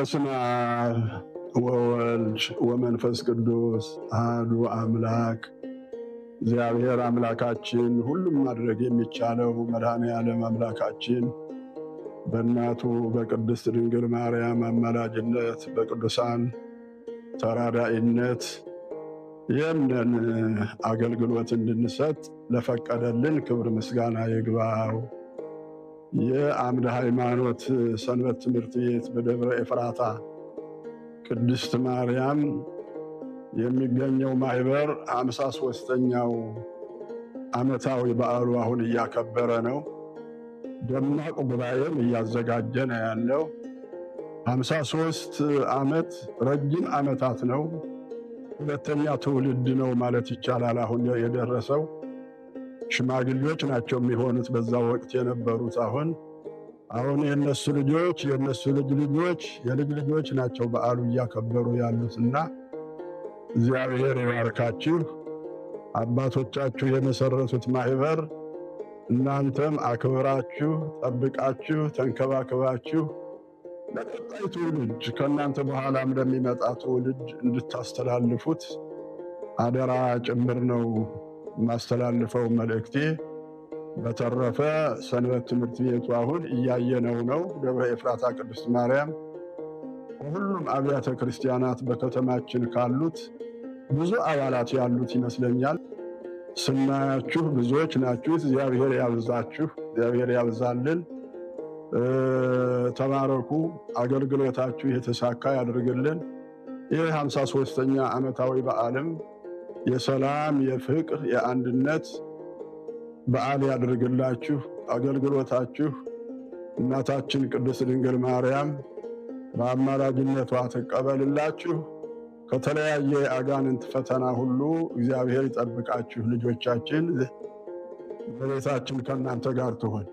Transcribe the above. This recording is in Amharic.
በስመ አብ ወወልድ ወመንፈስ ቅዱስ አሐዱ አምላክ እግዚአብሔር አምላካችን ሁሉም ማድረግ የሚቻለው መድኃኔ ዓለም አምላካችን በእናቱ በቅድስት ድንግል ማርያም አማላጅነት በቅዱሳን ተራዳኢነት የምንን አገልግሎት እንድንሰጥ ለፈቀደልን ክብር ምስጋና ይግባው። የአምደ ሃይማኖት ሰንበት ትምህርት ቤት በደብረ ኤፍራታ ቅድስት ማርያም የሚገኘው ማህበር አምሳ ሶስተኛው ዓመታዊ በዓሉ አሁን እያከበረ ነው። ደማቅ ጉባኤም እያዘጋጀ ነው ያለው። አምሳ ሶስት ዓመት ረጅም ዓመታት ነው። ሁለተኛ ትውልድ ነው ማለት ይቻላል አሁን የደረሰው ሽማግሌዎች ናቸው የሚሆኑት በዛ ወቅት የነበሩት። አሁን አሁን የእነሱ ልጆች የእነሱ ልጅ ልጆች የልጅ ልጆች ናቸው በዓሉ እያከበሩ ያሉትና እግዚአብሔር ይባርካችሁ። አባቶቻችሁ የመሰረቱት ማህበር እናንተም አክብራችሁ ጠብቃችሁ ተንከባክባችሁ ለቀጣይ ትውልድ ከእናንተ በኋላም ለሚመጣ ትውልድ እንድታስተላልፉት አደራ ጭምር ነው። ማስተላልፈው መልእክቴ በተረፈ ሰንበት ትምህርት ቤቱ አሁን እያየነው ነው። ደብረ ኤፍራታ ቅድስት ማርያም በሁሉም አብያተ ክርስቲያናት በከተማችን ካሉት ብዙ አባላት ያሉት ይመስለኛል። ስናያችሁ ብዙዎች ናችሁ። እግዚአብሔር ያብዛችሁ፣ እግዚአብሔር ያብዛልን። ተባረኩ። አገልግሎታችሁ የተሳካ ያድርግልን። ይህ 53 ኛ ዓመታዊ በዓልም የሰላም የፍቅር የአንድነት በዓል ያድርግላችሁ። አገልግሎታችሁ እናታችን ቅድስት ድንግል ማርያም በአማላጅነቷ ትቀበልላችሁ። ከተለያየ አጋንንት ፈተና ሁሉ እግዚአብሔር ይጠብቃችሁ። ልጆቻችን በቤታችን ከእናንተ ጋር ትሆን።